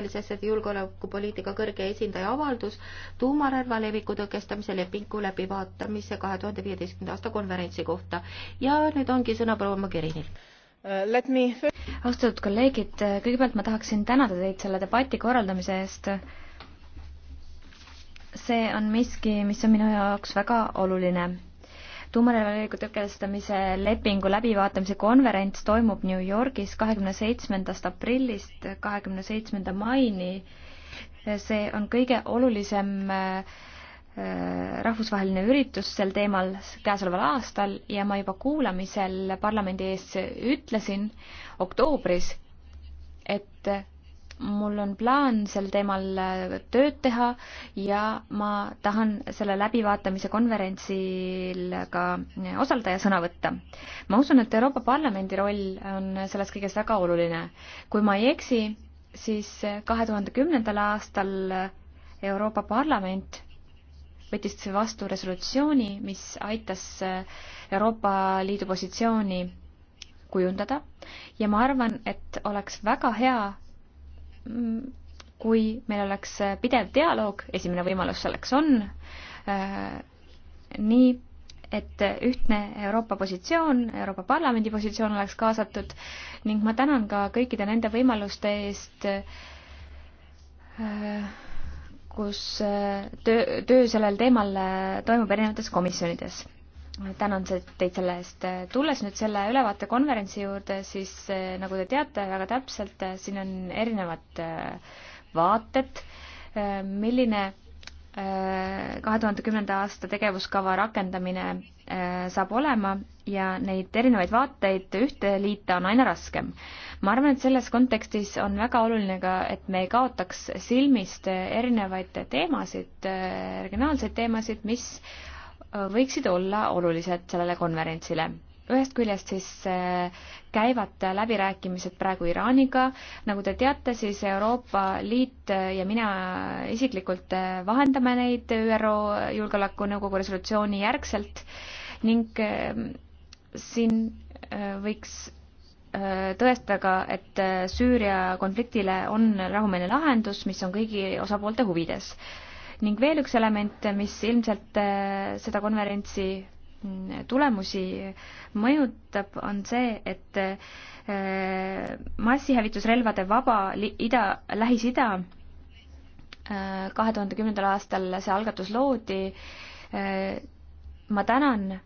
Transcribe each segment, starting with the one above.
välisasjade julgeolekupoliitika kõrge esindaja avaldus tuumarelva leviku tõkestamise lepingu läbivaatamise kahe tuhande viieteistkümnenda aasta konverentsi kohta ja nüüd ongi sõna proua Mogherinil. Äh, me... austatud kolleegid, kõigepealt ma tahaksin tänada teid selle debati korraldamise eest. see on miski, mis on minu jaoks väga oluline tuumarelvaliigu tõkestamise lepingu läbivaatamise konverents toimub New Yorgis kahekümne seitsmendast aprillist kahekümne seitsmenda maini. see on kõige olulisem äh, rahvusvaheline üritus sel teemal käesoleval aastal ja ma juba kuulamisel parlamendi ees ütlesin oktoobris, et mul on plaan sel teemal äh, tööd teha ja ma tahan selle läbivaatamise konverentsil ka äh, osaleda ja sõna võtta. ma usun, et Euroopa Parlamendi roll on selles kõiges väga oluline. kui ma ei eksi, siis äh, kahe tuhande kümnendal aastal Euroopa Parlament võttis vastu resolutsiooni, mis aitas Euroopa Liidu positsiooni kujundada ja ma arvan, et oleks väga hea, kui meil oleks pidev dialoog, esimene võimalus selleks on, äh, nii et ühtne Euroopa positsioon, Euroopa Parlamendi positsioon oleks kaasatud ning ma tänan ka kõikide nende võimaluste eest, äh, kus äh, töö, töö sellel teemal toimub erinevates komisjonides tänan teid selle eest. tulles nüüd selle ülevaate konverentsi juurde, siis nagu te teate väga täpselt, siin on erinevad äh, vaated, äh, milline äh, kahe tuhande kümnenda aasta tegevuskava rakendamine saab olema ja neid erinevaid vaateid ühte liita on aina raskem. ma arvan, et selles kontekstis on väga oluline ka, et me ei kaotaks silmist erinevaid teemasid, regionaalseid teemasid, mis Äh, võiksid olla olulised sellele konverentsile. ühest küljest siis äh, käivad läbirääkimised praegu Iraaniga, nagu te teate, siis Euroopa Liit ja mina isiklikult äh, vahendame neid ÜRO Julgeolekunõukogu resolutsiooni järgselt ning siin võiks tõestada ka, et Süüria konfliktile on rahumeelne lahendus, mis on kõigi osapoolte huvides ning veel üks element, mis ilmselt äh, seda konverentsi mm, tulemusi mõjutab, on see, et äh, massihävitusrelvade vaba ida, Lähis-Ida äh, kahe tuhande kümnendal aastal see algatus loodi. ma tänan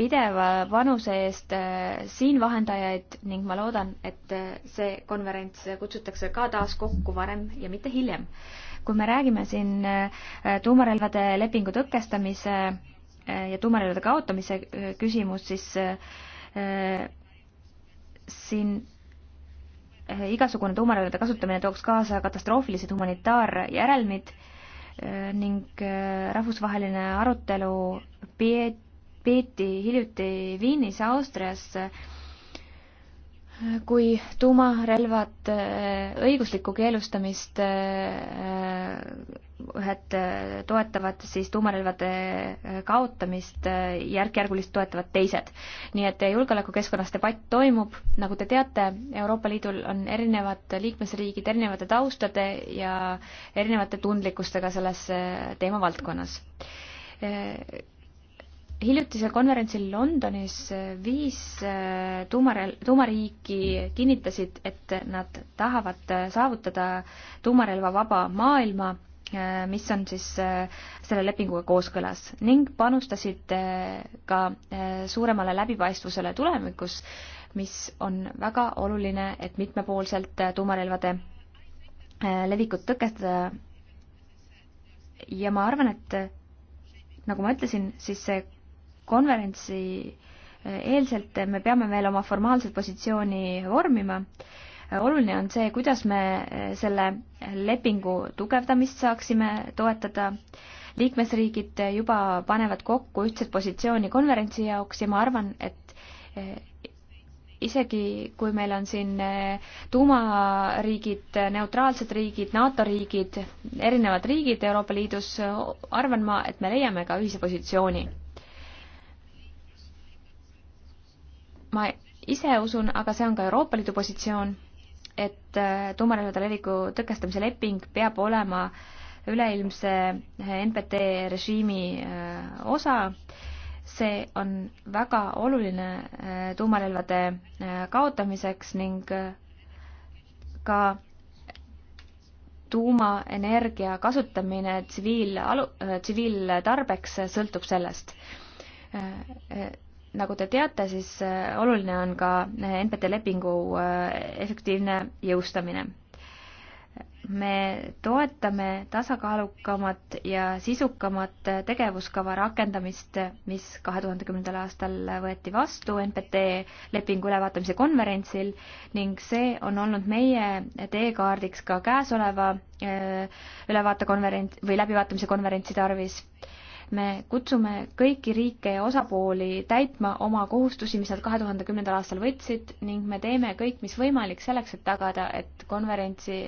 pideva panuse eest äh, siin vahendajaid ning ma loodan, et äh, see konverents kutsutakse ka taas kokku varem ja mitte hiljem. kui me räägime siin äh, tuumarelvade lepingu tõkestamise ja tuumarelvade kaotamise küsimus, siis siin igasugune tuumarelvade kasutamine tooks kaasa katastroofilised humanitaarjärelmid ning rahvusvaheline arutelu peeti peeti hiljuti Viinis, Austrias, kui tuumarelvad äh, õiguslikku keelustamist äh, ühed äh, toetavad siis tuumarelvade kaotamist, järk-järgulist toetavad teised. nii et julgeolekukeskkonnas debatt toimub, nagu te teate, Euroopa Liidul on erinevad liikmesriigid erinevate taustade ja erinevate tundlikkustega selles teemavaldkonnas hiljutisel konverentsil Londonis viis äh, tuumare-, tuumariiki kinnitasid, et nad tahavad äh, saavutada tuumarelvavaba maailma, äh, mis on siis selle lepinguga kooskõlas ning panustasid ka suuremale läbipaistvusele tulevikus, mis on väga oluline, et mitmepoolselt tuumarelvade levikut tõkestada. ja ma arvan, et nagu ma ütlesin, siis see konverentsi eh, eelselt me peame veel oma formaalset positsiooni vormima. Eh, oluline on see, kuidas me eh, selle lepingu tugevdamist saaksime toetada. liikmesriigid juba panevad kokku ühtset positsiooni konverentsi jaoks ja ma arvan, et isegi kui meil on siin tuumariigid, neutraalsed riigid, NATO riigid, erinevad riigid Euroopa Liidus, arvan ma, et me leiame ka ühise positsiooni ma ise usun, aga see on ka Euroopa Liidu positsioon, et äh, tuumarelvade leviku tõkestamise leping peab olema üleilmse äh, NPT režiimi äh, osa. see on väga oluline tuumarelvade kaotamiseks ning ka tuumaenergia kasutamine tsiviilalu, tsiviiltarbeks sõltub sellest nagu te teate, siis äh, oluline on ka äh, NPT lepingu äh, efektiivne jõustamine. me toetame tasakaalukamat ja sisukamat tegevuskava rakendamist, mis kahe tuhande kümnendal aastal võeti vastu NPT lepingu ülevaatamise konverentsil ning see on olnud meie teekaardiks ka käesoleva ülevaatekonverents või läbivaatamise konverentsi tarvis me kutsume kõiki riike ja osapooli täitma oma kohustusi, mis nad kahe tuhande kümnendal aastal võtsid ning me teeme kõik, mis võimalik selleks, et tagada, et konverentsi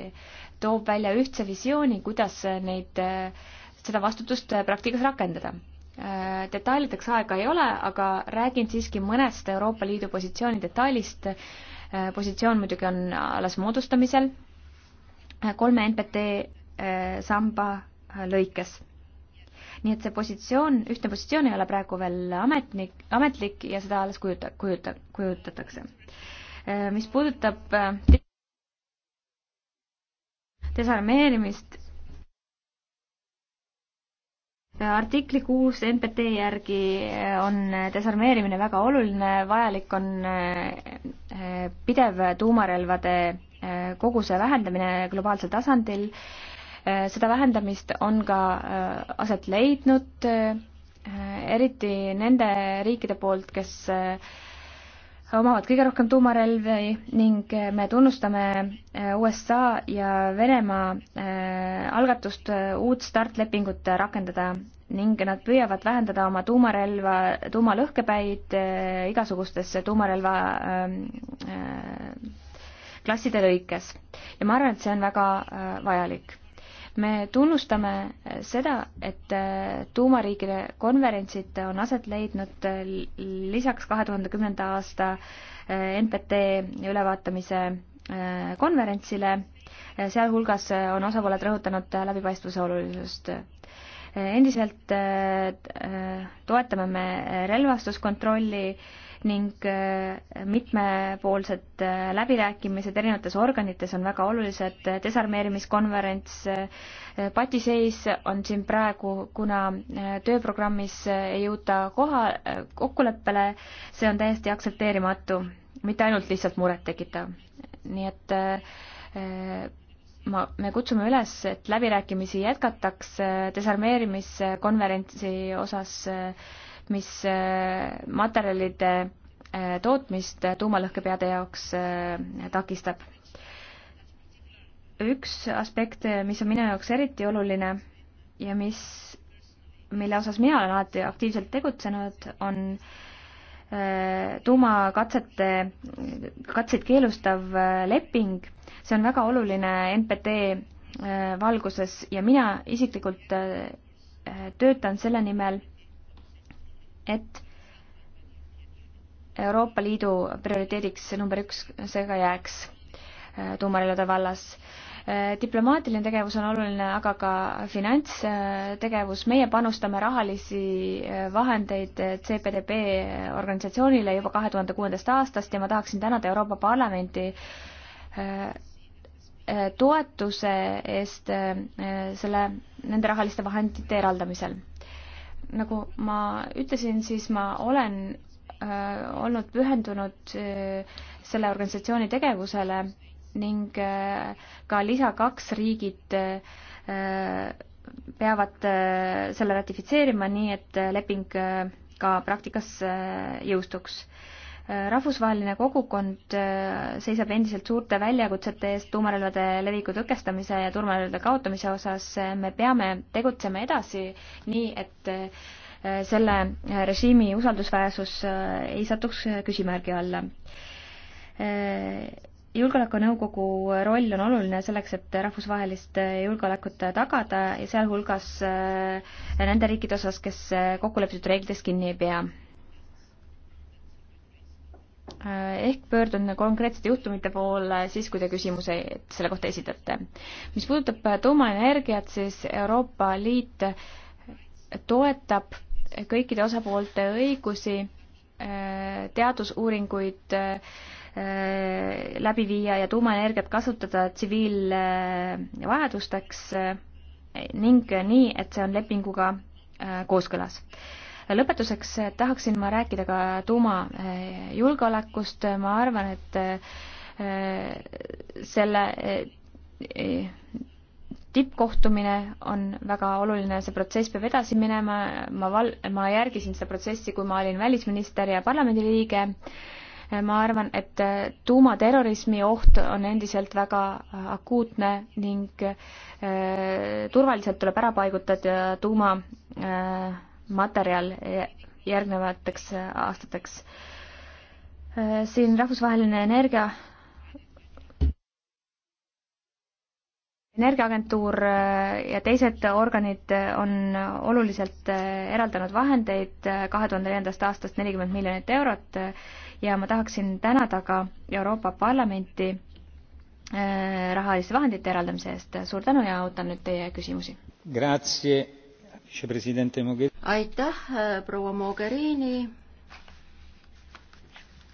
toob välja ühtse visiooni, kuidas neid, seda vastutust praktikas rakendada. detailideks aega ei ole, aga räägin siiski mõnest Euroopa Liidu positsiooni detailist. positsioon muidugi on alles moodustamisel kolme NPT eh, samba lõikes nii et see positsioon, ühtne positsioon ei ole praegu veel ametnik, ametlik ja seda alles kujuta-, kujuta-, kujutatakse. Äh, mis puudutab äh, desarmeerimist, äh, artikli kuus NPT järgi on desarmeerimine väga oluline, vajalik on pidev tuumarelvade koguse vähendamine globaalsel tasandil Äh, seda vähendamist on ka äh, aset leidnud, äh, eriti nende riikide poolt, kes omavad kõige rohkem tuumarelvi ning me tunnustame USA ja Venemaa algatust uut startlepingut rakendada ning nad püüavad vähendada oma tuumarelva, tuumalõhkepäid igasugustesse tuumarelva ähm, klasside lõikes. ja ma arvan, et see on väga vajalik me tunnustame äh, seda, et äh, tuumariikide konverentsid on aset leidnud äh, lisaks kahe tuhande kümnenda aasta NPT ülevaatamise konverentsile, sealhulgas on osapooled rõhutanud läbipaistvuse olulisust endiselt toetame me relvastuskontrolli ning äh, mitmepoolsed äh, läbirääkimised erinevates organites on väga olulised, desarmeerimiskonverents, äh, patiseis on siin praegu, kuna tööprogrammis ei jõuta koha, kokkuleppele, see on täiesti aktsepteerimatu, mitte ainult lihtsalt murettekitav. nii et ma, me kutsume üles, et läbirääkimisi jätkataks desarmeerimiskonverentsi osas äh, mis äh, materjalide äh, tootmist tuumalõhkepeade jaoks äh, takistab. üks aspekt, mis on minu jaoks eriti oluline ja mis, mille osas mina olen alati aktiivselt tegutsenud, on tuumakatsete, katseid keelustav leping, see on väga oluline NPT valguses ja mina isiklikult töötan selle nimel et Euroopa Liidu prioriteediks number üks seega jääks äh, tuumarelvade vallas. Äh, diplomaatiline tegevus on oluline, aga ka finantstegevus. meie panustame rahalisi äh, vahendeid CPDB organisatsioonile juba kahe tuhande kuuendast aastast ja ma tahaksin tänada Euroopa Parlamenti toetuse eest selle, nende rahaliste vahendite eraldamisel nagu ma ütlesin, siis ma olen äh, olnud pühendunud äh, selle organisatsiooni tegevusele ning äh, ka lisa kaks riigid äh, peavad äh, selle ratifitseerima, nii et äh, leping äh, ka praktikas äh, jõustuks äh, rahvusvaheline kogukond äh, seisab endiselt suurte väljakutsete eest tuumarelvade leviku tõkestamise ja tuumarelvade kaotamise osas. me peame tegutsema edasi nii, et äh, selle äh, režiimi usaldusväärsus ei satuks küsimärgi alla julgeolekunõukogu roll on oluline selleks, et rahvusvahelist julgeolekut tagada ja sealhulgas nende riikide osas, kes kokkulepitud reeglitest kinni ei pea Äh, ehk pöördun konkreetsete juhtumite poole siis, kui te küsimuse selle kohta esitate. mis puudutab äh, tuumaenergiat, siis Euroopa Liit toetab kõikide osapoolte õigusi äh, teadusuuringuid läbi viia ja tuumaenergiat kasutada tsiviilvajadusteks ning nii, et see on lepinguga kooskõlas lõpetuseks eh, tahaksin ma rääkida ka tuumajulgeolekust, eh, ma arvan, et eh, selle tippkohtumine on väga oluline, see protsess peab edasi minema, ma val-, ma järgisin seda protsessi, kui ma olin välisminister ja parlamendiliige, ma arvan, et tuumaterrorismi oht on endiselt väga akuutne ning äh, turvaliselt tuleb ära paigutada tuuma äh, materjal järgnevateks äh, aastateks. Äh, siin rahvusvaheline energia energiaagentuur äh, ja teised organid on oluliselt eraldanud vahendeid kahe tuhande neljandast aastast nelikümmend miljonit eurot ja ma tahaksin tänada ka Euroopa Parlamenti rahaliste vahendite eraldamise eest. suur tänu ja ootan nüüd teie küsimusi aitäh, äh, proua Mogherini.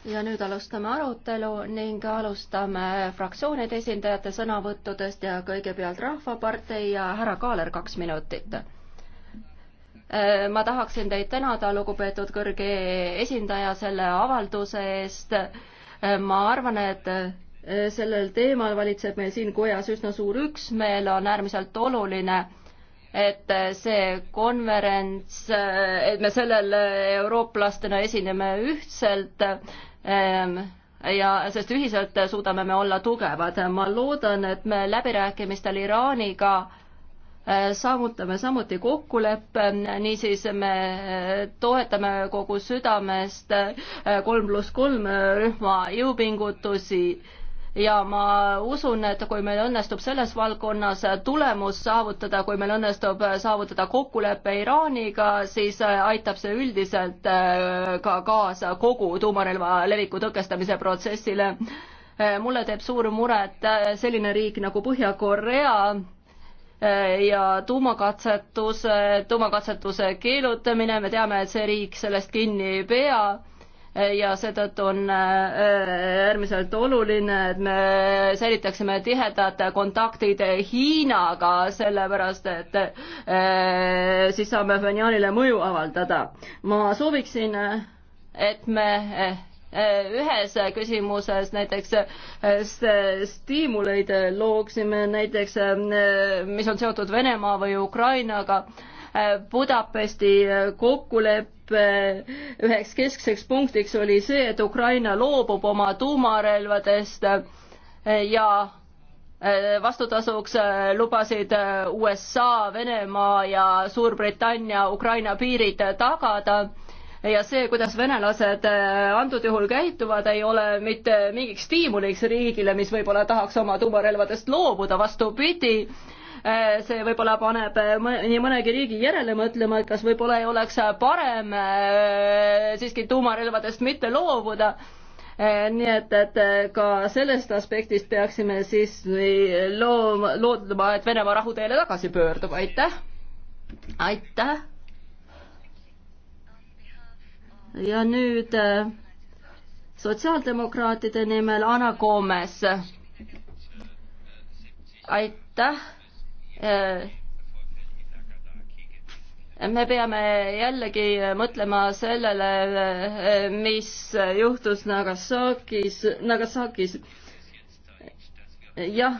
ja nüüd alustame arutelu ning alustame fraktsioonide esindajate sõnavõttudest ja kõigepealt Rahvapartei ja härra Kaaler, kaks minutit äh, ma tahaksin teid tänada, lugupeetud kõrge esindaja, selle avalduse eest. Äh, ma arvan, et sellel teemal valitseb meil siin kojas üsna suur üksmeel, on äärmiselt oluline et äh, see konverents, äh, et me sellel äh, eurooplastena esineme ühtselt ähm, ja sest ühiselt suudame me olla tugevad. ma loodan, et me läbirääkimistel Iraaniga saavutame samuti kokkuleppe, niisiis me toetame kogu südamest kolm pluss kolm rühma jõupingutusi ja ma usun, et kui meil õnnestub selles valdkonnas tulemus saavutada, kui meil õnnestub saavutada kokkulepe Iraaniga, siis aitab see üldiselt äh, ka kaasa kogu tuumarelva leviku tõkestamise protsessile. Äh, mulle teeb suur muret äh, selline riik nagu Põhja-Korea ja tuumakatsetuse, tuumakatsetuse keelutamine, me teame, et see riik sellest kinni ei pea ja seetõttu on äh, äärmiselt oluline, et me säilitaksime tihedad kontaktid Hiinaga, sellepärast et äh, siis saame Fenjanile mõju avaldada. ma sooviksin, äh, et me ühes küsimuses näiteks stiimuleid looksime, näiteks mis on seotud Venemaa või Ukrainaga, Budapesti kokkulepe, Eh, üheks keskseks punktiks oli see, et Ukraina loobub oma tuumarelvadest eh, ja eh, vastutasuks lubasid USA, Venemaa ja Suurbritannia Ukraina piirid tagada ja see, kuidas venelased antud juhul käituvad, ei ole mitte mingiks stiimuliks riigile, mis võib-olla tahaks oma tuumarelvadest loobuda, vastupidi Eh, see võib-olla paneb eh, nii mõnegi riigi järele mõtlema, et kas võib-olla ei oleks parem eh, siiski tuumarelvadest mitte loobuda nii et, et ka sellest aspektist peaksime siis looma, loodma, et Venemaa rahuteele tagasi pöördub, aitäh. aitäh. ja nüüd sotsiaaldemokraatide nimel Anna Koomes. aitäh Äh, me peame jällegi mõtlema sellele, äh, mis juhtus Nagasakis, Nagasakis. jah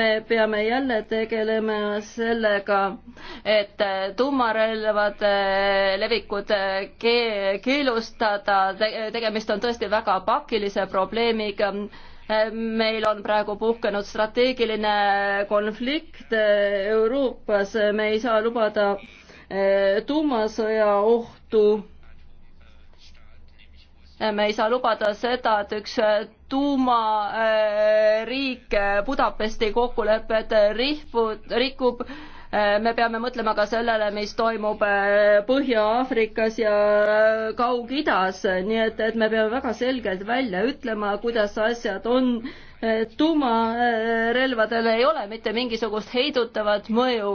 me peame jälle tegelema sellega, et tuumarelvade äh, levikud keelustada, tegemist on tõesti väga pakilise probleemiga meil on praegu puhkenud strateegiline konflikt eh, Euroopas, me ei saa lubada eh, tuumasõja ohtu. me ei saa lubada seda, et üks tuumariik eh, Budapesti kokkulepet rihvub, rikub Äh, me peame mõtlema ka sellele, mis toimub äh, Põhja-Aafrikas ja äh, Kaug-Idas, nii et, et me peame väga selgelt välja ütlema, kuidas asjad on tuumarelvadel ei ole mitte mingisugust heidutavat mõju.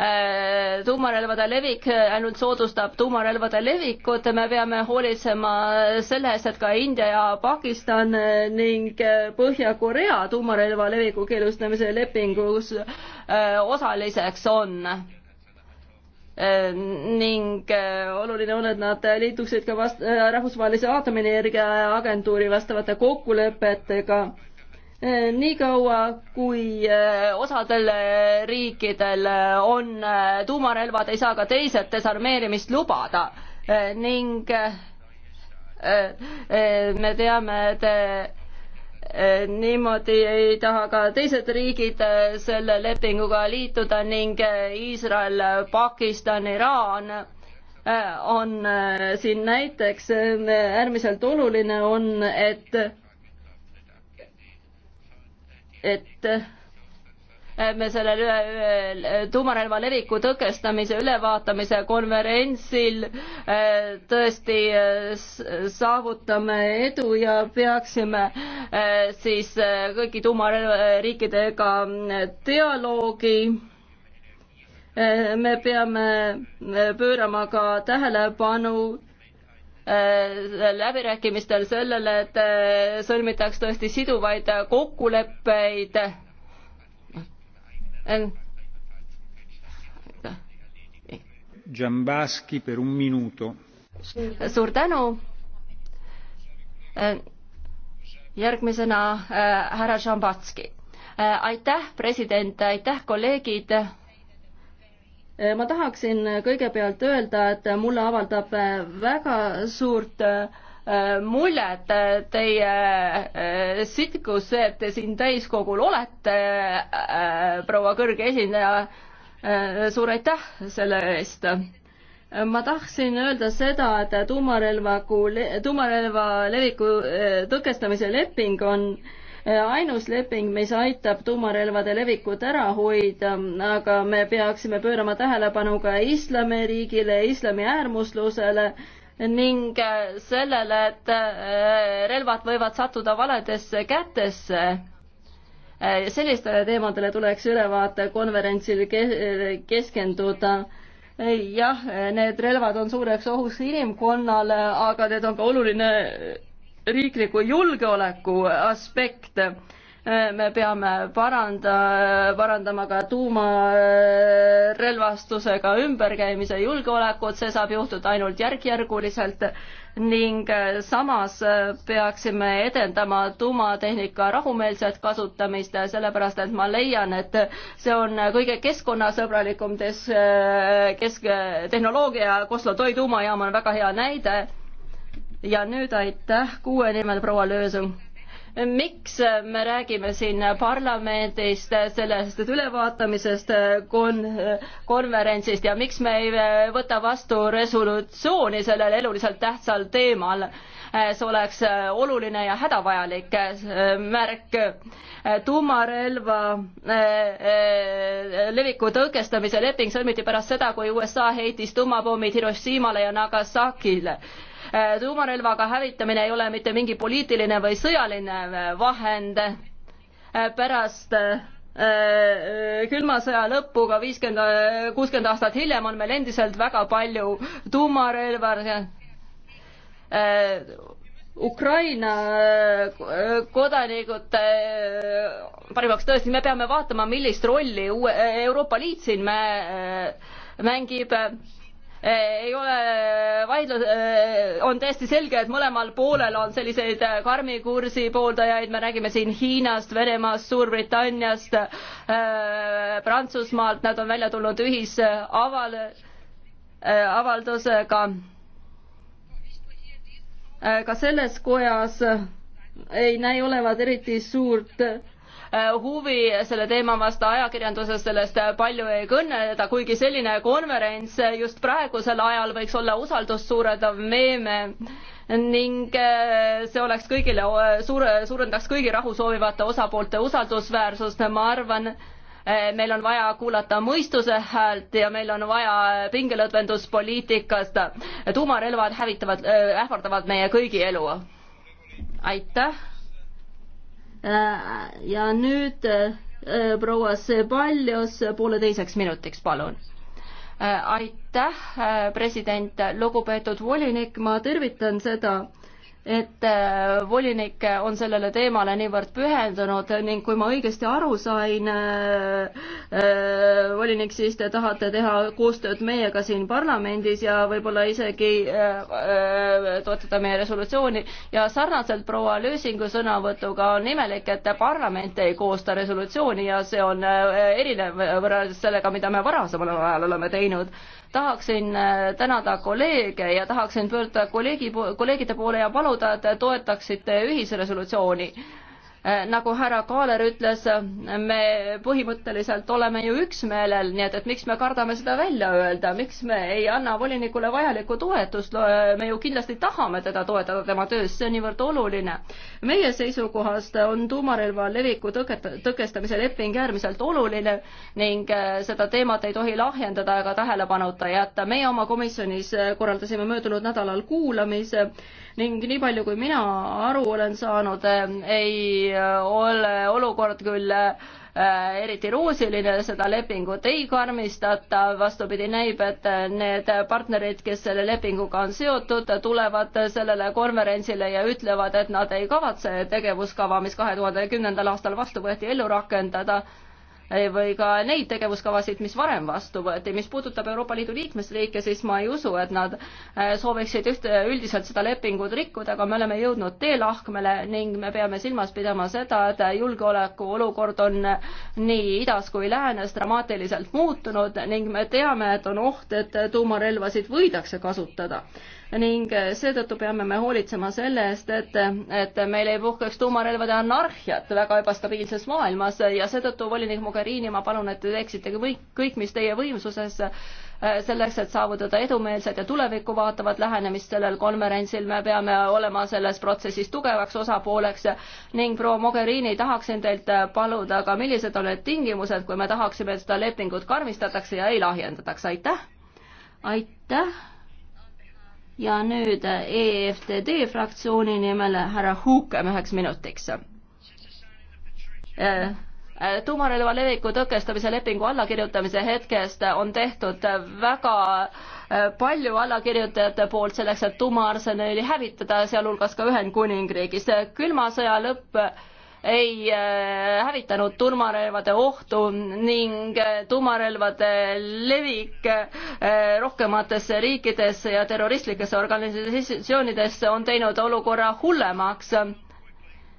Äh, tuumarelvade levik ainult soodustab tuumarelvade levikut, me peame hoolitsema selle eest, et ka India ja Pakistan ning Põhja-Korea tuumarelva leviku keelustamise lepingus äh, osaliseks on äh, ning oluline on, et nad liituksid ka vast-, Rahvusvahelise Aatomienergia Agentuuri vastavate kokkulepetega Äh, niikaua, kui äh, osadel äh, riikidel on tuumarelvad, ei saa ka teised desarmeerimist lubada ning me teame, et niimoodi ei taha ka teised riigid selle lepinguga liituda ning Iisrael, Pakistan, Iraan on siin näiteks äärmiselt oluline on, et et äh, me sellel äh, tuumarelva leviku tõkestamise ülevaatamise konverentsil äh, tõesti saavutame edu ja peaksime siis kõigi tuumarelvariikidega dialoogi. me peame pöörama ka tähelepanu Äh, läbirääkimistel sellele, et äh, sõlmitaks tõesti siduvaid kokkuleppeid. Džambaski per un minuto. suur tänu. järgmisena äh, härra Džambatski. aitäh, president, aitäh, kolleegid Äh, ma tahaksin äh, kõigepealt öelda, et mulle avaldab äh, väga suurt muljet teie sitkus, et te siin täiskogul olete, proua kõrge esindaja. suur aitäh selle eest ma tahtsin öelda seda, et tuumarelva, tuumarelva leviku tõkestamise leping on äh, Äh, ainus leping, mis aitab tuumarelvade levikut ära hoida, aga me peaksime pöörama tähelepanu ka islamiriigile, islami äärmuslusele ning äh, sellele, et äh, relvad võivad sattuda valedesse kätesse. sellistele teemadele tuleks ülevaatekonverentsil keskenduda jah, need relvad on suureks ohuks inimkonnale, aga need on ka oluline riikliku julgeoleku aspekte me peame paranda, parandama ka tuumarelvastusega ümberkäimise julgeolekut, see saab juhtuda ainult järk-järguliselt ning samas peaksime edendama tuumatehnika rahumeelset kasutamist, sellepärast et ma leian, et see on kõige keskkonnasõbralikum des-, kesk-, tehnoloogia, Koslo Toi tuumajaam on väga hea näide ja nüüd aitäh kuue nimel proua Löösung miks me räägime siin parlamendist, sellest ülevaatamisest kon-, konverentsist ja miks me ei võta vastu resolutsiooni sellel eluliselt tähtsal teemal? see oleks oluline ja hädavajalik märk. tuumarelva eh, eh, leviku tõkestamise leping sõlmiti pärast seda, kui USA heitis tuumapommid Hiroshimale ja Nagasakile Äh, tuumarelvaga hävitamine ei ole mitte mingi poliitiline või sõjaline äh, vahend. Äh, pärast külma sõja lõppu, ka viiskümmend, kuuskümmend aastat hiljem on meil endiselt väga palju tuumarelva. Ukraina kodanikud, parimaks tõesti, me peame vaatama, millist rolli Euroopa Liit siin mängib Eh, ei ole eh, vaidlus, eh, on täiesti selge, et mõlemal poolel on selliseid karmi kursi pooldajaid, me räägime siin Hiinast, Venemaast, Suurbritanniast, Prantsusmaalt, nad on välja tulnud ühisaval, avaldusega. ka selles kojas ei näi olevat eriti suurt Äh, huvi selle teema vastu ajakirjanduses sellest äh, palju ei kõneleda, kuigi selline konverents äh, just praegusel ajal võiks olla usaldust suurendav meeme ning see oleks kõigile, suure, suurendaks kõigi rahu soovivate osapoolte usaldusväärsust, ma arvan, meil on vaja kuulata mõistuse häält ja meil on vaja pingelõdvenduspoliitikast. tuumarelvad hävitavad, ähvardavad meie kõigi elu. aitäh Äh, ja nüüd äh, proua Sebaljos pooleteiseks minutiks, palun. Äh, aitäh, president, lugupeetud volinik, ma tervitan seda et äh, volinik on sellele teemale niivõrd pühendunud ning kui ma õigesti aru sain äh,, äh, volinik, siis te tahate teha koostööd meiega siin parlamendis ja võib-olla isegi äh, äh toetada meie resolutsiooni ja sarnaselt proua Lüüsingu sõnavõtuga on imelik, et parlament ei koosta resolutsiooni ja see on äh, erinev võrreldes sellega, mida me varasemal ajal oleme teinud tahaksin äh, tänada kolleege ja tahaksin pöörduda kolleegi, kolleegide poole ja paluda, et toetaksite ühisresolutsiooni Äh, nagu härra Kaaler ütles, me põhimõtteliselt oleme ju üksmeelel, nii et, et miks me kardame seda välja öelda, miks me ei anna volinikule vajalikku toetust, me ju kindlasti tahame teda toetada tema töös, see on niivõrd oluline. meie seisukohast on tuumarelva leviku tõke-, tõkestamise leping äärmiselt oluline ning äh, seda teemat ei tohi lahjendada ega tähelepanuta jätta. meie oma komisjonis äh, korraldasime möödunud nädalal kuulamise ning nii palju, kui mina aru olen saanud, eh, ei eh, ole olukord küll eh, eriti roosiline, seda lepingut ei karmistata, vastupidi, näib, et need partnerid, kes selle lepinguga on seotud, tulevad sellele konverentsile ja ütlevad, et nad ei kavatse tegevuskava, mis kahe tuhande kümnendal aastal vastu võeti, ellu rakendada Eh, või ka neid tegevuskavasid, mis varem vastu võeti. mis puudutab Euroopa Liidu liikmesriike, siis ma ei usu, et nad eh, sooviksid üht, üldiselt seda lepingut rikkuda, aga me oleme jõudnud teelahkmele ning me peame silmas pidama seda, et julgeolekuolukord on eh, nii idas kui läänes dramaatiliselt muutunud ning me teame, et on oht, et tuumarelvasid võidakse kasutada ning äh, seetõttu peame me hoolitsema selle eest, et, et meil ei puhkeks tuumarelvade anarhiat väga ebastabiilses maailmas ja seetõttu, volinik Mogherini, ma palun, et te teeksite kõik, kõik, mis teie võimsuses äh, selleks, et saavutada edumeelset ja tulevikku vaatavat lähenemist sellel konverentsil, me peame olema selles protsessis tugevaks osapooleks ning proua Mogherini, tahaksin teilt äh, paluda ka, millised on need tingimused, kui me tahaksime, et seda lepingut karmistatakse ja ei lahjendataks, aitäh! aitäh! ja nüüd äh, EFTD fraktsiooni nimel härra Huukem üheks minutiks äh, äh, tuumarelva leviku tõkestamise lepingu allakirjutamise hetkest on tehtud väga palju allakirjutajate poolt selleks, et tuumaarsenali hävitada, sealhulgas ka Ühendkuningriigis. külma sõja lõpp ei äh, hävitanud tuumarelvade ohtu ning äh, tuumarelvade levik äh, rohkematesse riikidesse ja terroristlikesse organisatsioonidesse on teinud olukorra hullemaks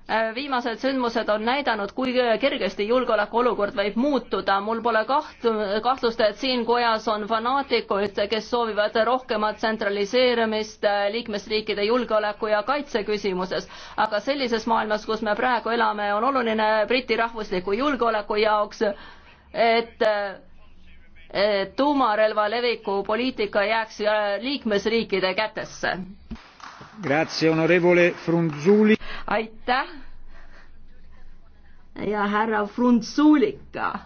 Äh, viimased sündmused on näidanud, kui kergesti julgeolekuolukord võib muutuda. mul pole kaht-, kahtlust, et siin kojas on fanaatikuid, kes soovivad rohkemat tsentraliseerimist äh, liikmesriikide julgeoleku ja kaitse küsimuses. aga sellises maailmas, kus me praegu elame, on oluline Briti rahvusliku julgeoleku jaoks, et äh, tuumarelva leviku poliitika jääks liikmesriikide kätesse aitäh ja härra Frunzulika.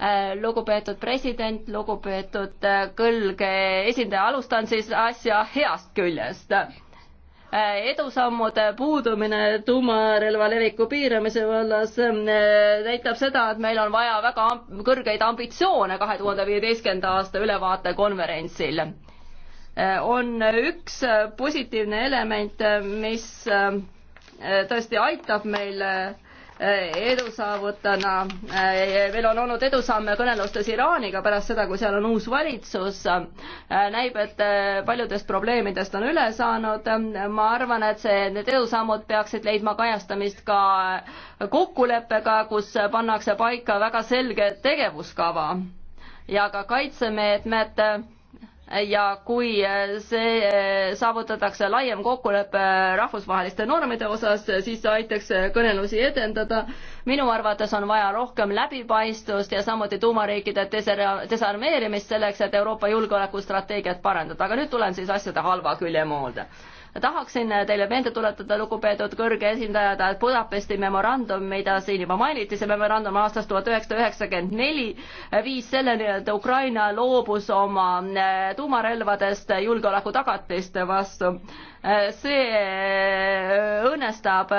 Äh, lugupeetud president, lugupeetud äh, kõlge esindaja, alustan siis asja heast küljest äh, edusammude puudumine tuumarelva leviku piiramise vallas näitab seda, et meil on vaja väga kõrgeid ambitsioone kahe tuhande viieteistkümnenda aasta ülevaatekonverentsil on üks positiivne element, mis äh, tõesti aitab meil äh, edu saavutada. Äh, meil on olnud edusamme kõnelustes Iraaniga pärast seda, kui seal on uus valitsus. näib, et paljudest probleemidest on üle saanud. ma arvan, et see, need edusammud peaksid leidma kajastamist ka kokkuleppega, kus pannakse paika väga selge tegevuskava ja ka kaitsemeetmed ja kui äh, see äh, saavutatakse laiem kokkulepe äh, rahvusvaheliste normide osas, siis see aitaks kõnelusi edendada. minu arvates on vaja rohkem läbipaistvust ja samuti tuumariikide desarmeerimist selleks, et Euroopa julgeolekustrateegiat parandada, aga nüüd tulen siis asjade halva külje moodi tahaksin teile meelde tuletada, lugupeetud kõrge esindajad, et Budapesti memorandum, mida siin juba mainiti, see memorandum aastast tuhat üheksasada üheksakümmend neli, viis selleni, et Ukraina loobus oma eh, tuumarelvadest julgeoleku tagatiste vastu. Eh, see eh, õõnestab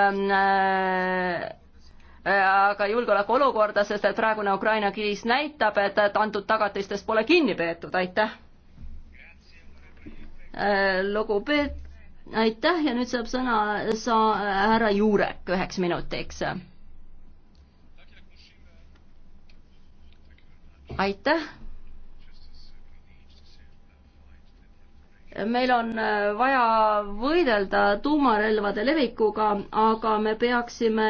aga julgeolekuolukorda, sest et praegune Ukraina kriis näitab, et, et antud tagatistest pole kinni peetud, aitäh. lugupeetud aitäh ja nüüd saab sõna sa härra Juurek üheks minutiks. aitäh. meil on äh, vaja võidelda tuumarelvade levikuga, aga me peaksime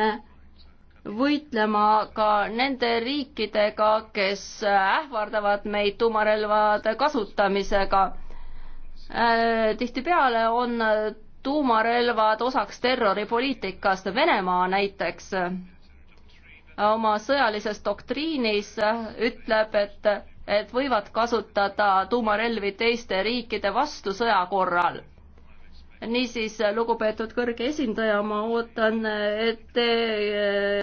võitlema ka nende riikidega, kes äh, ähvardavad meid tuumarelvade kasutamisega Äh, tihtipeale on tuumarelvad osaks terroripoliitikast. Venemaa näiteks äh, oma sõjalises doktriinis äh, ütleb, et, et võivad kasutada tuumarelvi teiste riikide vastu sõja korral. niisiis, lugupeetud kõrge esindaja, ma ootan, et te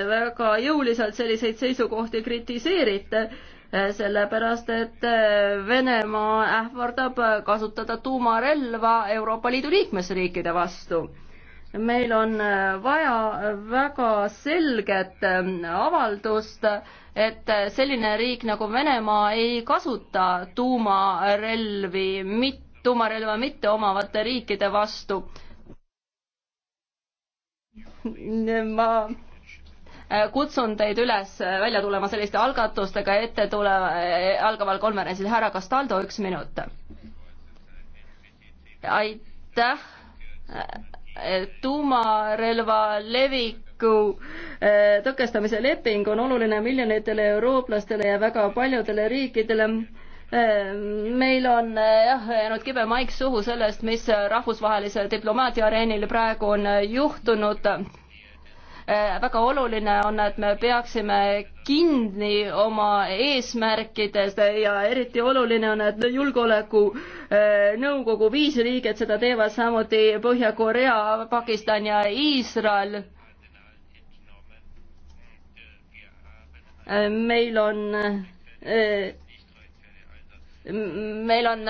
väga jõuliselt selliseid seisukohti kritiseerite Eh, sellepärast et eh, Venemaa ähvardab kasutada tuumarelva Euroopa Liidu liikmesriikide vastu. meil on eh, vaja väga selget avaldust, et selline riik nagu Venemaa ei kasuta tuumarelvi, tuumarelva mitte omavate riikide vastu ma Äh, kutsun teid üles äh, välja tulema selliste algatustega ette tuleva, äh, algaval konverentsil. härra Castaldo, üks minut. aitäh. tuumarelva leviku tõkestamise leping on oluline miljonitele eurooplastele ja väga paljudele riikidele meil on jah, jäänud kibe maik suhu sellest, mis rahvusvahelise diplomaatia areenil praegu on juhtunud Äh, väga oluline on, et me peaksime kinni oma eesmärkidest ja eriti oluline on, et julgeolekunõukogu äh, viis liiget seda teevad, samuti Põhja-Korea, Pakistan ja Iisrael. Äh, meil on, meil on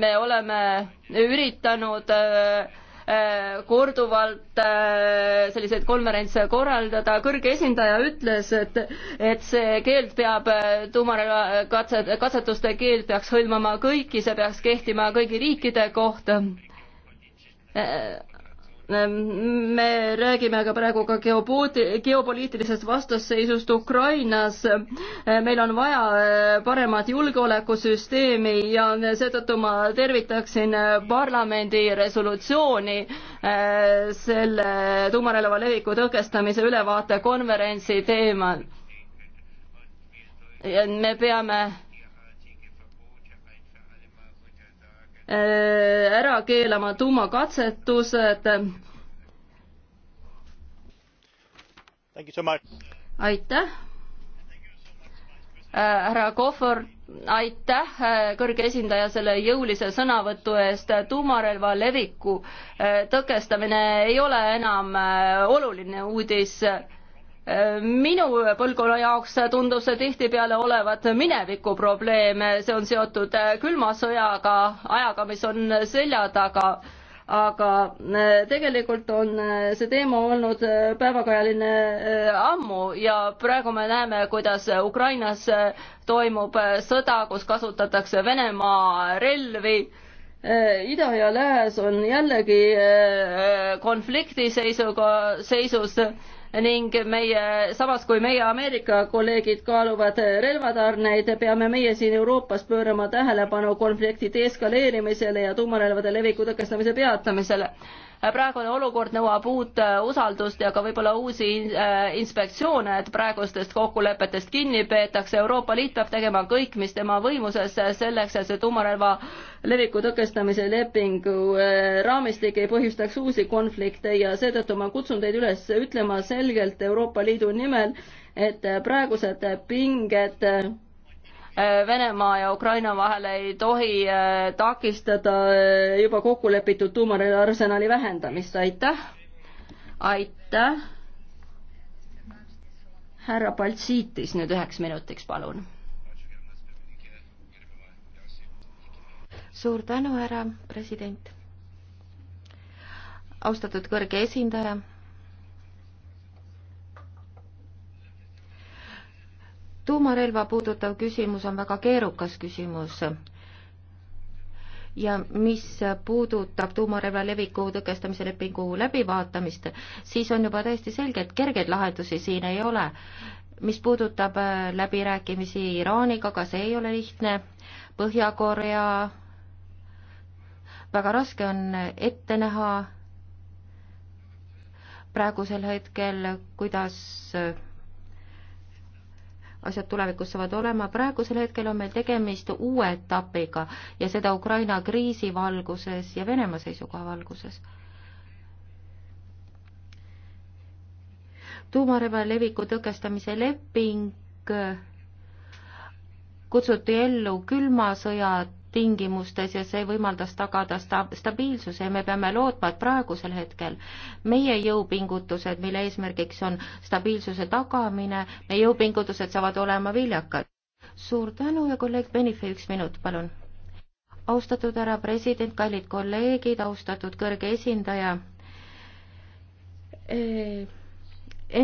me oleme üritanud äh, Äh, korduvalt äh, selliseid konverentse korraldada. kõrge esindaja ütles, et, et see keeld peab, äh, tuumarelvakatse, katsetuste keeld peaks hõlmama kõiki, see peaks kehtima kõigi riikide kohta Ehm, me räägime aga praegu ka geopooti-, geopoliitilisest vastasseisust Ukrainas. Ehm, meil on vaja ehm, paremat julgeolekusüsteemi ja seetõttu ma tervitaksin parlamendi resolutsiooni selle tuumarelva leviku tõkestamise ülevaate konverentsi teemal. me peame Äh, ära keelama tuumakatsetused. aitäh. Äh, härra Kohver, aitäh, äh, kõrge esindaja, selle jõulise sõnavõtu eest. tuumarelva leviku tõkestamine ei ole enam oluline uudis minu põlvkonna jaoks tundus see tihtipeale olevat mineviku probleem, see on seotud külma sõjaga, ajaga, mis on selja taga. aga e, tegelikult on e, see teema olnud e, päevakajaline ammu ja praegu me näeme, kuidas Ukrainas toimub sõda, kus kasutatakse Venemaa relvi ida ja lääs on jällegi konflikti seisuga, seisus ning meie, samas kui meie Ameerika kolleegid kaaluvad relvatarneid, peame meie siin Euroopas pöörama tähelepanu konfliktide eskaleerimisele ja tuumarelvade leviku tõkestamise peatamisele praegune olukord nõuab uut äh, usaldust ja ka võib-olla uusi äh, inspektsioone, et praegustest kokkulepetest kinni peetakse. Euroopa Liit peab tegema kõik, mis tema võimuses äh, selleks, et see tuumarelva leviku tõkestamise lepingu raamistik ei põhjustaks uusi konflikte ja seetõttu ma kutsun teid üles ütlema selgelt Euroopa Liidu nimel, et praegused pinged Äh, Venemaa ja Ukraina vahel ei tohi äh, takistada äh, juba kokku lepitud tuumarelvaarsenali vähendamist, aitäh. aitäh. härra Baltsiitis nüüd üheks minutiks, palun. suur tänu, härra president. austatud kõrge esindaja tuumarelva puudutav küsimus on väga keerukas küsimus ja mis puudutab tuumarelva leviku tõkestamise lepingu läbivaatamist, siis on juba täiesti selge, et kergeid lahendusi siin ei ole. mis puudutab äh, läbirääkimisi Iraaniga, ka see ei ole lihtne, Põhja-Korea, väga raske on ette näha praegusel hetkel, kuidas äh, asjad tulevikus saavad olema. praegusel hetkel on meil tegemist uue etapiga ja seda Ukraina kriisi valguses ja Venemaa seisukoha valguses. tuumarelva leviku tõkestamise leping kutsuti ellu külma sõja tingimustes ja see võimaldas tagada sta-, stabiilsuse ja me peame lootma, et praegusel hetkel meie jõupingutused, mille eesmärgiks on stabiilsuse tagamine, meie jõupingutused saavad olema viljakad. suur tänu ja kolleeg Benife, üks minut, palun. austatud härra president, kallid kolleegid, austatud kõrge esindaja e,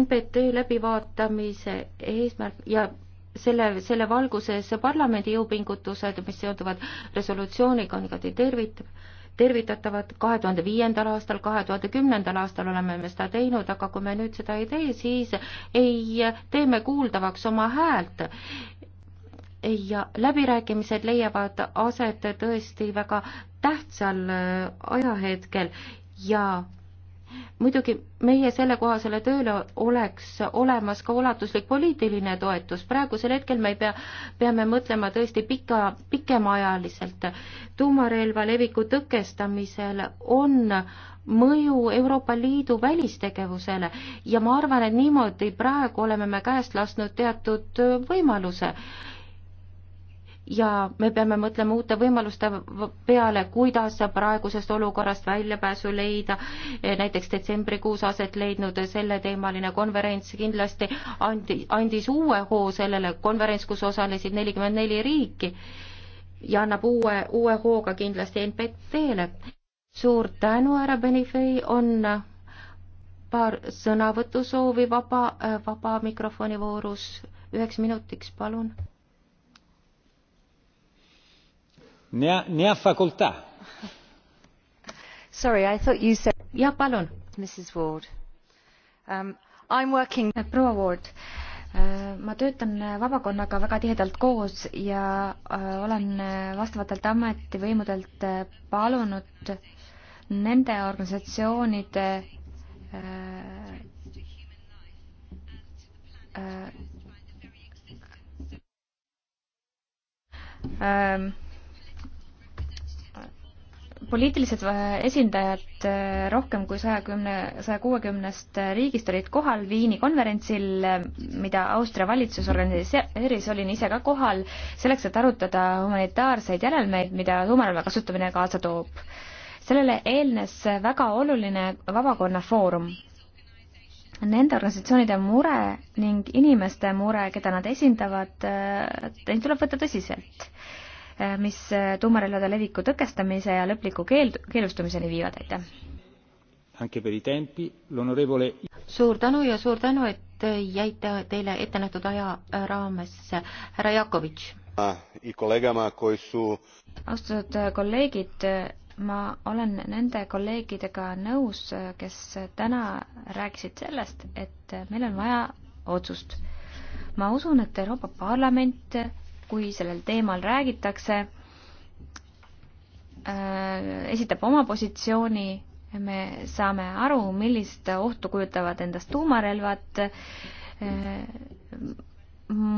NPT läbivaatamise eesmärk ja selle, selle valguses parlamendi jõupingutused, mis seonduvad resolutsiooniga, on igati tervit-, tervitatavad, kahe tuhande viiendal aastal, kahe tuhande kümnendal aastal oleme me seda teinud, aga kui me nüüd seda ei tee, siis ei tee me kuuldavaks oma häält ja läbirääkimised leiavad aset tõesti väga tähtsal äh, ajahetkel ja muidugi meie sellekohasele tööle oleks olemas ka ulatuslik poliitiline toetus, praegusel hetkel me ei pea, peame mõtlema tõesti pika, pikemaajaliselt. tuumarelva leviku tõkestamisel on mõju Euroopa Liidu välistegevusele ja ma arvan, et niimoodi praegu oleme me käest lasknud teatud võimaluse ja me peame mõtlema uute võimaluste peale, kuidas praegusest olukorrast väljapääsu leida. näiteks detsembrikuus aset leidnud selleteemaline konverents kindlasti andi, andis uue hoo sellele konverents, kus osalesid nelikümmend neli riiki ja annab uue, uue hooga kindlasti NPT-le. suur tänu, härra Benifei, on paar sõnavõtusoovi vaba, vaba mikrofoni voorus. üheks minutiks, palun Ne, ne Sorry, I thought you said... jah, palun. Mrs Ward um,. I m working. Eh, proua Ward eh, ma töötan eh, vabakonnaga väga tihedalt koos ja olen vastavatelt ametivõimudelt palunud nende organisatsioonide ähm, poliitilised äh, esindajad äh, rohkem kui saja kümne, saja kuuekümnest äh, riigist olid kohal Viini konverentsil, mida Austria valitsus organiseeris, olin ise ka kohal, selleks, et arutada humanitaarseid järelmeid, mida tuumarelva kasutamine kaasa toob. sellele eelnes väga oluline vabakonna foorum. Nende organisatsioonide mure ning inimeste mure, keda nad esindavad, neid tuleb võtta tõsiselt Äh, mis äh, tuumarelvade leviku tõkestamise ja lõpliku keeld-, keelustamiseni viivad, aitäh! suur tänu ja suur tänu, et jäite teile ettenähtud aja raamesse, härra Jakovitš! austatud äh, kolleegid, ma olen nende kolleegidega nõus, kes täna rääkisid sellest, et meil on vaja otsust. ma usun, et Euroopa Parlament kui sellel teemal räägitakse, äh, esitab oma positsiooni, me saame aru, millist ohtu kujutavad endast tuumarelvad, äh,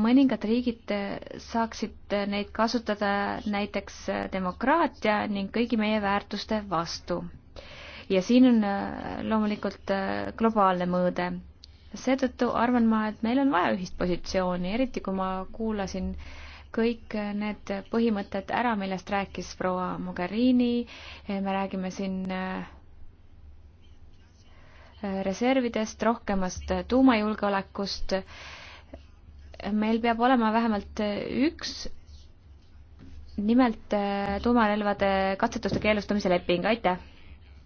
mõningad riigid saaksid neid kasutada näiteks demokraatia ning kõigi meie väärtuste vastu. ja siin on äh, loomulikult globaalne mõõde. seetõttu arvan ma, et meil on vaja ühist positsiooni, eriti kui ma kuulasin äh, kõik need põhimõtted ära, millest rääkis proua Mogherini, me räägime siin äh, reservidest, rohkemast tuumajulgeolekust. meil peab olema vähemalt üks nimelt äh, tuumarelvade katsetuste keelustamise leping, aitäh.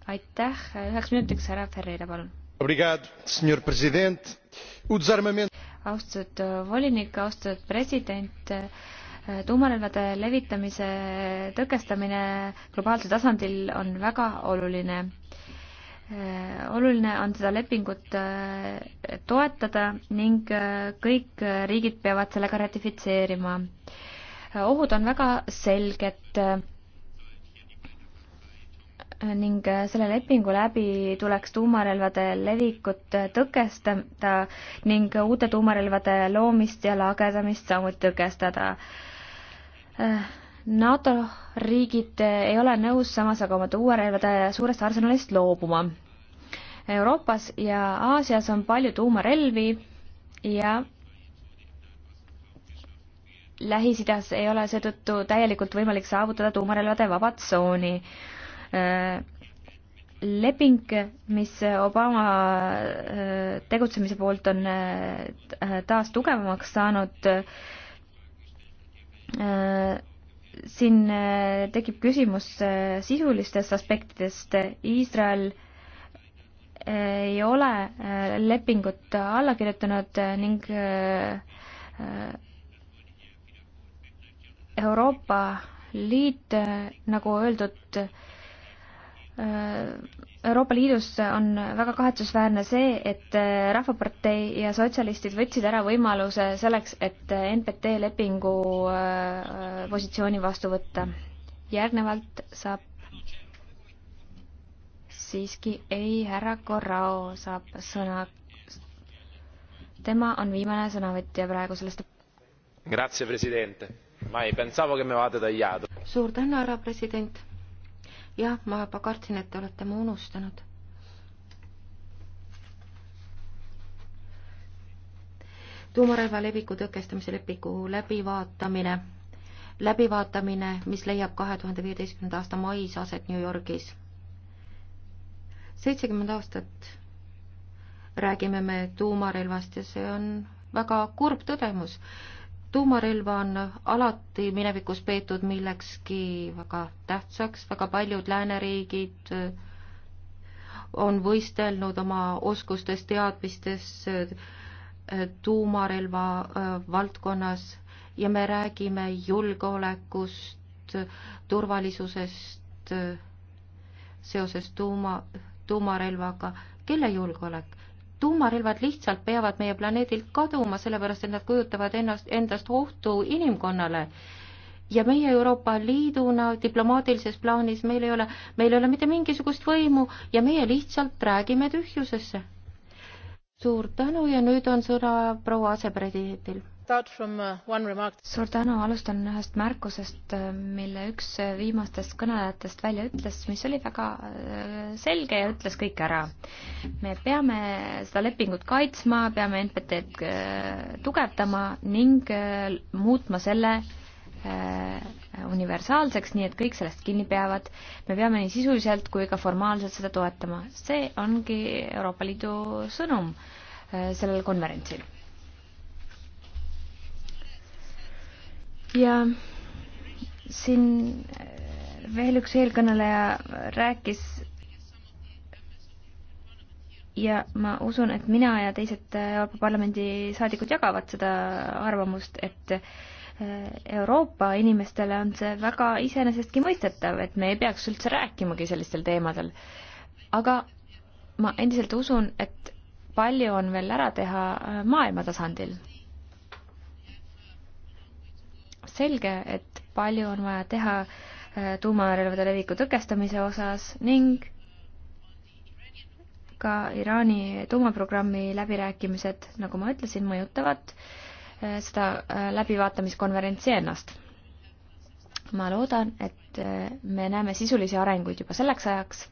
aitäh, üheks minutiks härra Ferreira, palun austatud äh, volinik, austatud president, äh, tuumarelvade levitamise tõkestamine globaalsel tasandil on väga oluline. Äh, oluline on seda lepingut toetada ning kõik riigid peavad selle ka ratifitseerima. ohud on väga selged ning selle lepingu läbi tuleks tuumarelvade levikut tõkestada ning uute tuumarelvade loomist ja lagedamist samuti tõkestada. NATO riigid ei ole nõus samas aga oma tuumarelvade suurest arsenalist loobuma. Euroopas ja Aasias on palju tuumarelvi ja Lähis-Idas ei ole seetõttu täielikult võimalik saavutada tuumarelvade vaba tsooni leping, mis Obama äh, tegutsemise poolt on äh, taas tugevamaks saanud, äh, siin tekib küsimus sisulistest aspektidest. Iisrael ei ole lepingut alla kirjutanud ning Euroopa Liit, nagu öeldud, Äh, Euroopa Liidus on väga kahetsusväärne see, et äh, Rahvapartei ja sotsialistid võtsid ära võimaluse selleks, et äh, NPT lepingu positsiooni vastu võtta. järgnevalt saab siiski ei, härra Korrao saab sõna. tema on viimane sõnavõtja praegu sellest. Grazie, president. Ma ei pensavo, che me vaate tagliato. suur tänu, härra president jah, ma juba kartsin, et te olete mu unustanud. tuumarelva leviku tõkestamise lepingu läbivaatamine, läbivaatamine, mis leiab kahe tuhande viieteistkümnenda aasta mais aset New Yorgis. seitsekümmend aastat räägime me tuumarelvast ja see on väga kurb tõdemus tuumarelva on alati minevikus peetud millekski väga tähtsaks, väga paljud lääneriigid äh, on võistelnud oma oskustes, teadmistes äh, tuumarelva äh, valdkonnas ja me räägime julgeolekust, turvalisusest seoses tuuma, tuumarelvaga. kelle julgeolek? tuumarelvad lihtsalt peavad meie planeedilt kaduma, sellepärast et nad kujutavad ennast, endast ohtu inimkonnale. ja meie Euroopa Liiduna diplomaatilises plaanis meil ei ole, meil ei ole mitte mingisugust võimu ja meie lihtsalt räägime tühjusesse. suur tänu ja nüüd on sõna proua asepresidendil Uh, suur tänu, alustan ühest märkusest, äh, mille üks äh, viimastest kõnelejatest välja ütles, mis oli väga äh, selge ja ütles kõik ära. me peame seda lepingut kaitsma, peame NPT-d tugevdama ning muutma selle universaalseks, nii et kõik sellest kinni peavad. me peame nii sisuliselt kui ka formaalselt seda toetama. see ongi Euroopa Liidu sõnum sellel konverentsil ja siin veel üks eelkõneleja rääkis ja ma usun, et mina ja teised Euroopa Parlamendi saadikud jagavad seda arvamust, et äh, Euroopa inimestele on see väga iseenesestmõistetav, et me ei peaks üldse rääkimagi sellistel teemadel. aga ma endiselt usun, et palju on veel ära teha äh, maailma tasandil selge, et palju on vaja teha äh, tuumarelvade leviku tõkestamise osas ning ka Iraani tuumaprogrammi läbirääkimised, nagu ma ütlesin, mõjutavad äh, seda äh, läbivaatamiskonverentsi ennast. ma loodan, et me näeme sisulisi arenguid juba selleks ajaks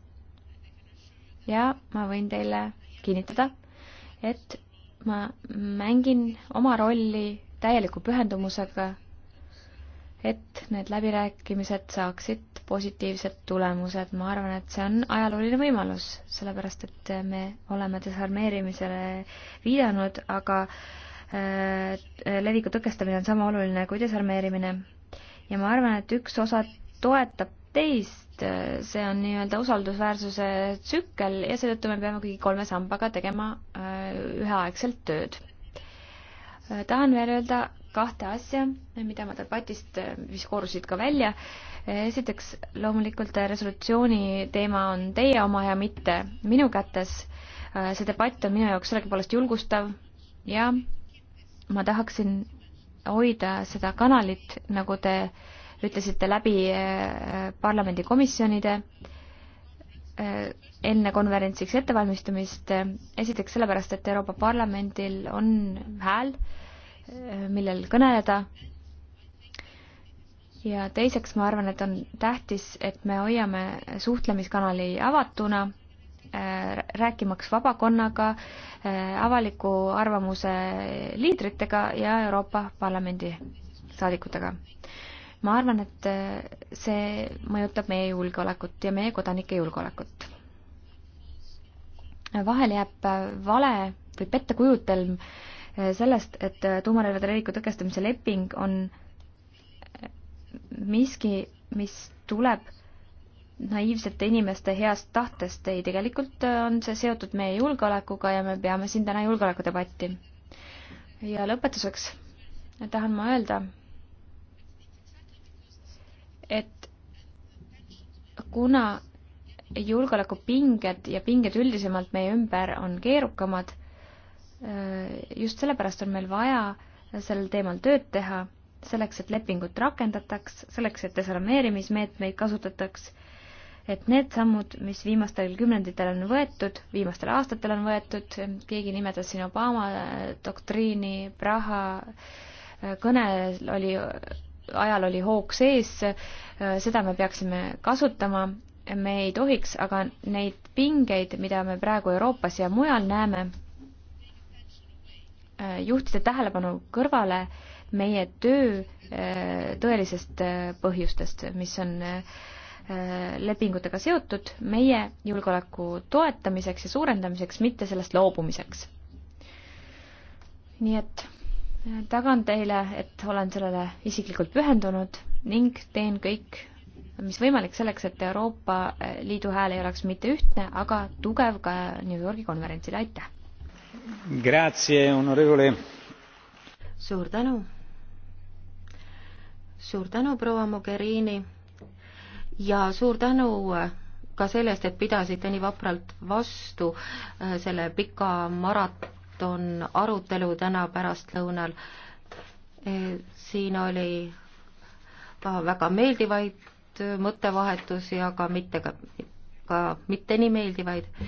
ja ma võin teile kinnitada, et ma mängin oma rolli täieliku pühendumusega et need läbirääkimised saaksid positiivsed tulemused. ma arvan, et see on ajalooline võimalus, sellepärast et me oleme desarmeerimisele viidanud, aga äh, leviku tõkestamine on sama oluline kui desarmeerimine. ja ma arvan, et üks osa toetab teist, see on nii-öelda usaldusväärsuse tsükkel ja seetõttu me peame kõigi kolme sambaga tegema äh, üheaegselt tööd. Äh, tahan veel öelda kahte asja, mida ma debatist, mis koorusid ka välja. esiteks loomulikult resolutsiooni teema on teie oma ja mitte minu kätes. see debatt on minu jaoks sellegipoolest julgustav ja ma tahaksin hoida seda kanalit, nagu te ütlesite, läbi eh, parlamendikomisjonide eh, enne konverentsiks ettevalmistumist. esiteks sellepärast, et Euroopa Parlamendil on hääl äh, Äh, millel kõneleda. ja teiseks, ma arvan, et on tähtis, et me hoiame suhtlemiskanali avatuna äh, rääkimaks vabakonnaga, äh, avaliku arvamuse liidritega ja Euroopa Parlamendi saadikutega. ma arvan, et see mõjutab meie julgeolekut ja meie kodanike julgeolekut. vahel jääb vale või pettekujutelm, sellest, et tuumarelvade leviku tõkestamise leping on miski, mis tuleb naiivsete inimeste heast tahtest, ei, tegelikult on see seotud meie julgeolekuga ja me peame siin täna julgeolekudebatti. ja lõpetuseks tahan ma öelda, et kuna julgeolekupinged ja pinged üldisemalt meie ümber on keerukamad Äh, just sellepärast on meil vaja sellel teemal tööd teha, selleks, et lepingut rakendataks, selleks, et desarmeerimismeetmeid kasutataks, et need sammud, mis viimastel kümnenditel on võetud, viimastel aastatel on võetud, keegi nimetas siin Obama doktriini, Praha äh, kõnes oli, ajal oli hoog sees, äh, seda me peaksime kasutama, me ei tohiks aga neid pingeid, mida me praegu Euroopas ja mujal näeme, Äh, juhtida tähelepanu kõrvale meie töö äh, tõelisest äh, põhjustest, mis on lepingutega seotud meie julgeoleku toetamiseks ja suurendamiseks, mitte sellest loobumiseks. nii et tagan teile, et olen sellele isiklikult pühendunud ning teen kõik, mis võimalik selleks, et Euroopa Liidu hääl ei oleks mitte ühtne, aga tugev ka New Yorgi konverentsil, aitäh! suur tänu. suur tänu, proua Mogherini ja suur tänu äh, ka selle eest, et pidasite nii vapralt vastu äh, selle pika maraton arutelu täna pärastlõunal. Äh, siin oli ka väga meeldivaid mõttevahetusi, aga mitte ka, ka mitte nii meeldivaid